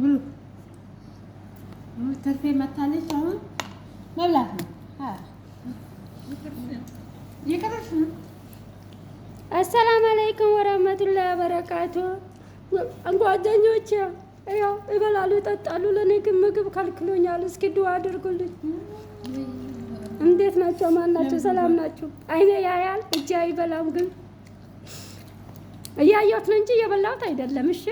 ብሉ። ትርፌ መታለች። አሁን መብላት ነው። ይቅርሽ ነው። አሰላም አለይኩም ወረህመቱላሂ ወበረካቱ። ጓደኞቼ ያው ይበላሉ ይጠጣሉ። ለእኔ ግን ምግብ ከልክሎኛል። እስኪ ድዋ አድርጉልኝ። እንዴት ናቸው? ማን ናቸው? ሰላም ናቸው? አይኔ ያያል እጄ አይበላም። ግን እያየሁት ነው እንጂ እየበላሁት አይደለም። እሺ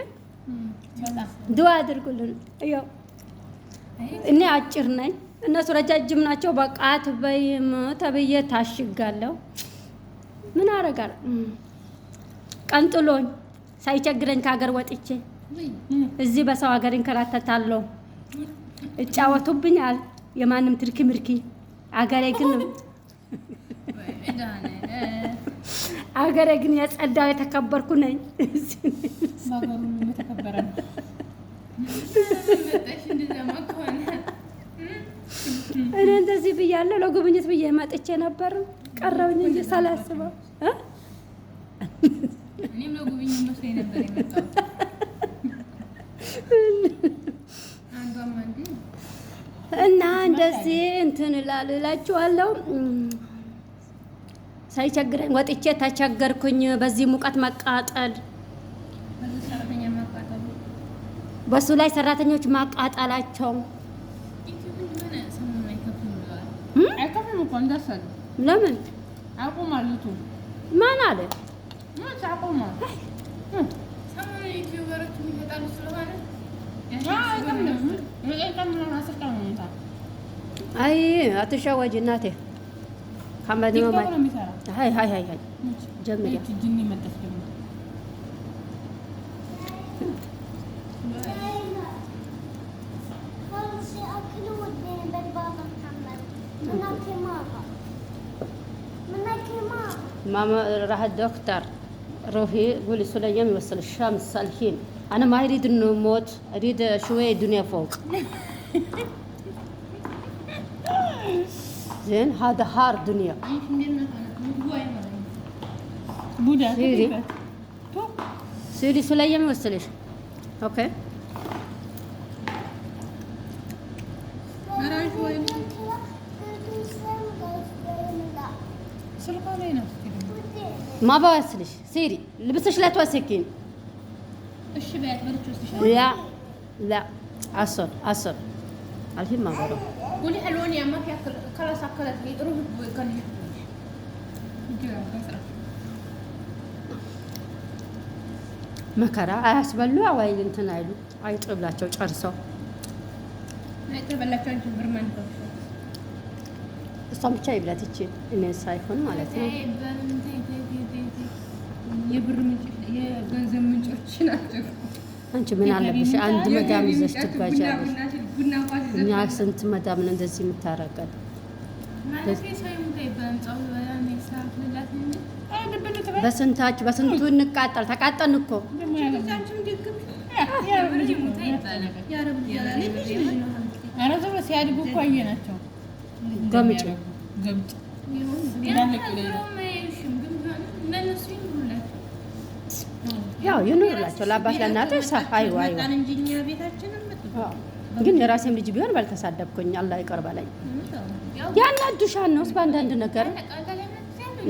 ድዋ አድርጉልን። ያው እኔ አጭር ነኝ፣ እነሱ ረጃጅም ናቸው። በቃ አትበይም ተብዬ ታሽጋለሁ። ምን አረጋል ቀንጥሎኝ ሳይቸግረኝ ከሀገር ወጥቼ እዚህ በሰው ሀገር እንከራተታለሁ። እጫወቱብኛል የማንም ትርኪ ምርኪ አገሬ ግን አገሬ ግን የጸዳው የተከበርኩ ነኝ። እኔ እንደዚህ ብያለሁ። ለጉብኝት ብዬ መጥቼ ነበር ቀረውኝ እንጂ ሳላስበው እና እንደዚህ እንትን እላችኋለሁ። ሳይቸግረኝ ወጥቼ ተቸገርኩኝ። በዚህ ሙቀት መቃጠል በሱ ላይ ሰራተኞች ማቃጠላቸው ለምን ማን አለ? አይ አትሸወጂ እናቴ። ከአንባዲ መባል ሀይ ሀይ ሀይ ሀይ ጀምሪያ ماما راح الدكتور روحي قولي يوم يوصل الشام الصالحين انا ما اريد انه موت اريد شويه دنيا فوق زين هذا هار دنيا سيري سيري سلية ما وصلش اوكي ما بوصلش سيري لبسش لا توسكين الشبات لا لا عصر عصر الحين ما بروح መከራ አያስበሉ አዋይ እንትን አይሉ አይጥብላቸው ጨርሰው እሷን ብቻ ይብላት ይቺ እኔ ሳይሆን ማለት ነው። የገንዘብ ምንጮች ናቸው። አንቺ ምን አለብሽ አንድ መጋም ይዘሽ ትጓዣለሽ። እኛ ስንት መዳምን እንደዚህ የምታረቀን? በስንታች በስንቱ እንቃጠል። ተቃጠን እኮ ሲያድጉ እኮ ናቸው ገምጭ ያው ይኑርላቸው ለአባት ለእናቶች ሰፋ ግን የራሴም ልጅ ቢሆን ባልተሳደብኩኝ አላህ ይቅር በለኝ። ያናዱሻን ነው እስከ አንዳንድ ነገር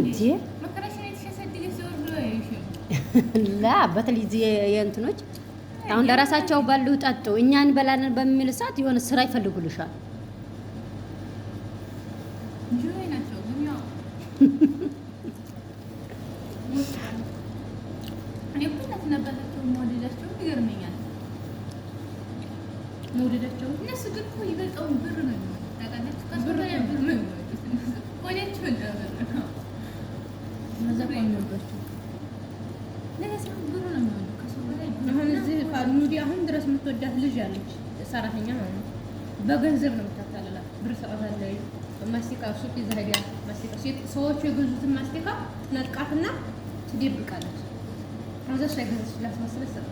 እንዴ ላ በተለይ የእንትኖች አሁን ለራሳቸው ባሉ ጠጡ እኛ እንበላለን በሚል ሰዓት የሆነ ስራ ይፈልጉልሻል። ናቸው። እነሱ ግን እኮ ይበልጠውን ብር ነው አሁን ድረስ የምትወዳት ልጅ አለች፣ ሰራተኛ ማለት ነው። በገንዘብ ነው የምታታልላት። ብር ሰጣታለች። ማስቲካ ሱቅ ይዛ ማስቲካ ሰዎቹ የገዙትን ማስቲካ ትነጥቃትና ትደብቃለች። ከዛ እሷ የገዛችላት ሰጣታለች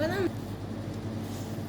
በጣም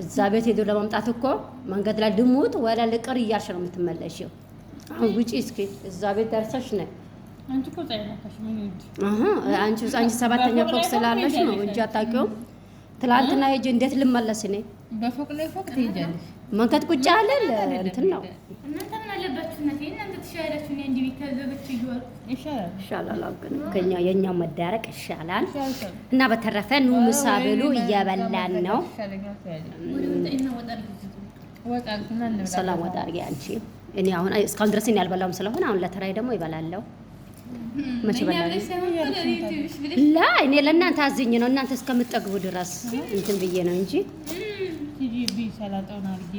እዛ ቤት ሄዶ ለማምጣት እኮ መንገድ ላይ ልሙት ወላ ልቅር እያልሽ ነው የምትመለሽው። አሁን ውጪ እስኪ እዛ ቤት ደርሰሽ ነ አንቺ አንቺ ሰባተኛ ፎቅ ስላለሽ ነው እንጂ አታውቂውም። ትላንትና ሄጅ እንዴት ልመለስ እኔ በፎቅ ላይ ፎቅ ትሄጃለሽ። መንገድ ቁጭ አለ እንትን ነው እናንተ ነ ይሻላል ከኛ የእኛው መዳረቅ ይሻላል። እና በተረፈ ኑ ምሳ ብሉ፣ እየበላን ነው። ሰላም ወጣ አድርጊ አንቺ። እኔ አሁን እስካሁን ድረስ እኔ አልበላሁም ስለሆነ አሁን ለተራይ ደግሞ ይበላለሁ። ላ እኔ ለእናንተ አዝኝ ነው እናንተ እስከምጠግቡ ድረስ እንትን ብዬ ነው እንጂ ሰላጣውን አድርጊ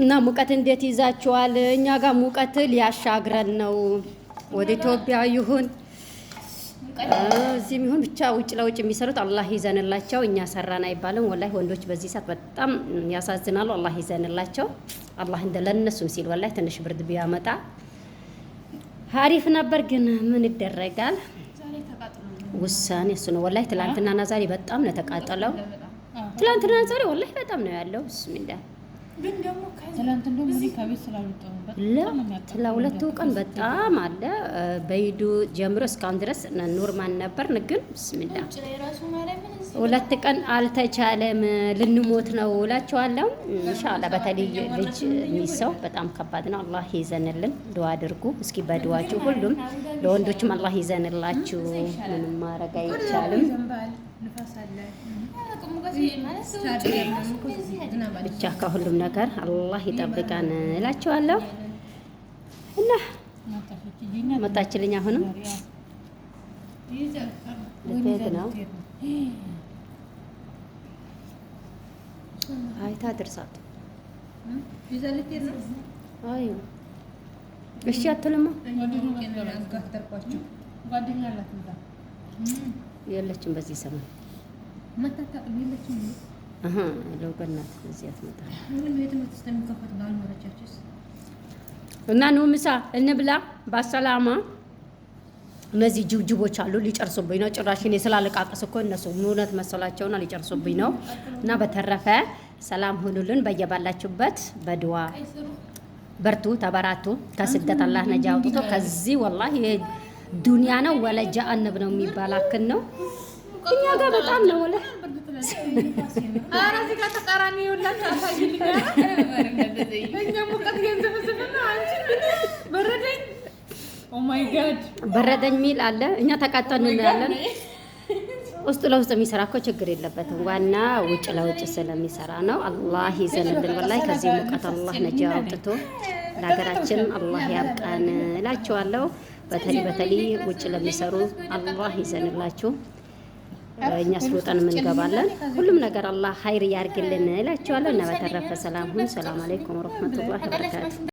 እና ሙቀት እንዴት ይዛችኋል? እኛ ጋር ሙቀት ሊያሻግረን ነው። ወደ ኢትዮጵያ ይሁን እዚህም ይሁን ብቻ ውጭ ለውጭ የሚሰሩት አላህ ይዘንላቸው። እኛ ሰራን አይባልም። ወላሂ ወንዶች በዚህ ሰዓት በጣም ያሳዝናሉ። አላህ ይዘንላቸው። አላህ እንደ ለነሱም ሲል ወላሂ ትንሽ ብርድ ቢያመጣ አሪፍ ነበር፣ ግን ምን ይደረጋል? ውሳኔ እሱ ነው። ወላሂ ትላንትናና ዛሬ በጣም ነው የተቃጠለው። ትላንትናና ዛሬ ወላሂ በጣም ነው ያለው። ብስሚላህ ግን ደግሞ ትላንት እንደውም ከቤት ስላልወጣሁ ለሁለቱ ቀን በጣም አለ በይዱ ጀምሮ እስካሁን ድረስ ኖርማል ነበር። ግን ብስሚላ ሁለት ቀን አልተቻለም። ልንሞት ነው እላቸዋለሁ። ኢንሻላህ በተለይ ልጅ የሚሰው በጣም ከባድ ነው። አላህ ይዘንልን። ዱዓ አድርጉ እስኪ በድዋችሁ ሁሉም ለወንዶችም አላህ ይዘንላችሁ። ምንም ማድረግ አይቻልም። ብቻ ከሁሉም ነገር አላህ ይጠብቀን እላቸዋለሁ። እና መጣችልኝ። አሁንም ልትሄድ ነው። አይታ ድርሳት አይ እሺ አትልማ የለችም በዚህ ሰሞን ለውገናት እዚህ አትመጣም። እና ኑ ምሳ እንብላ በሰላማ። እነዚህ ጅብጅቦች አሉ ሊጨርሱብኝ ነው። ጭራሽ እኔ ስላለቃቀስ እኮ እነሱ እውነት መሰላቸውና ሊጨርሱብኝ ነው። እና በተረፈ ሰላም ሁኑልን በየባላችሁበት በድዋ በርቱ፣ ተበራቱ። ከስደት አላህ ነጃ አውጥቶ ከዚህ ወላሂ ይሄ ዱንያ ነው ወለጃ አንብ ነው የሚባላክን ነው። እኛ ጋር በጣም ነው ወለ አራዚ ጋር ተቃራኒ ይውላችሁ አሳይልኝ። እኛ ሙቀት ገንዘብ በረደኝ oh በረደኝ ሚል አለ። እኛ ተቃጠን እንላለን። ውስጡ ለውስጥ የሚሰራ እኮ ችግር የለበትም። ዋና ውጭ ለውጭ ስለሚሰራ ነው። አላህ ይዘንልን። ወላሂ ከዚህ ሙቀት አላህ ነጃ አውጥቶ ለሀገራችን አላህ ያብቃን እላችኋለሁ። በተለይ በተለይ ውጭ ለሚሰሩ አላህ ይዘንላችሁ። እኛ ስልጣን እንገባለን። ሁሉም ነገር አላህ ሀይር ያርግልን እላችኋለሁ። እና በተረፈ ሰላም ሁን። ሰላም አለይኩም ወረህመቱላሂ ወበረካቱ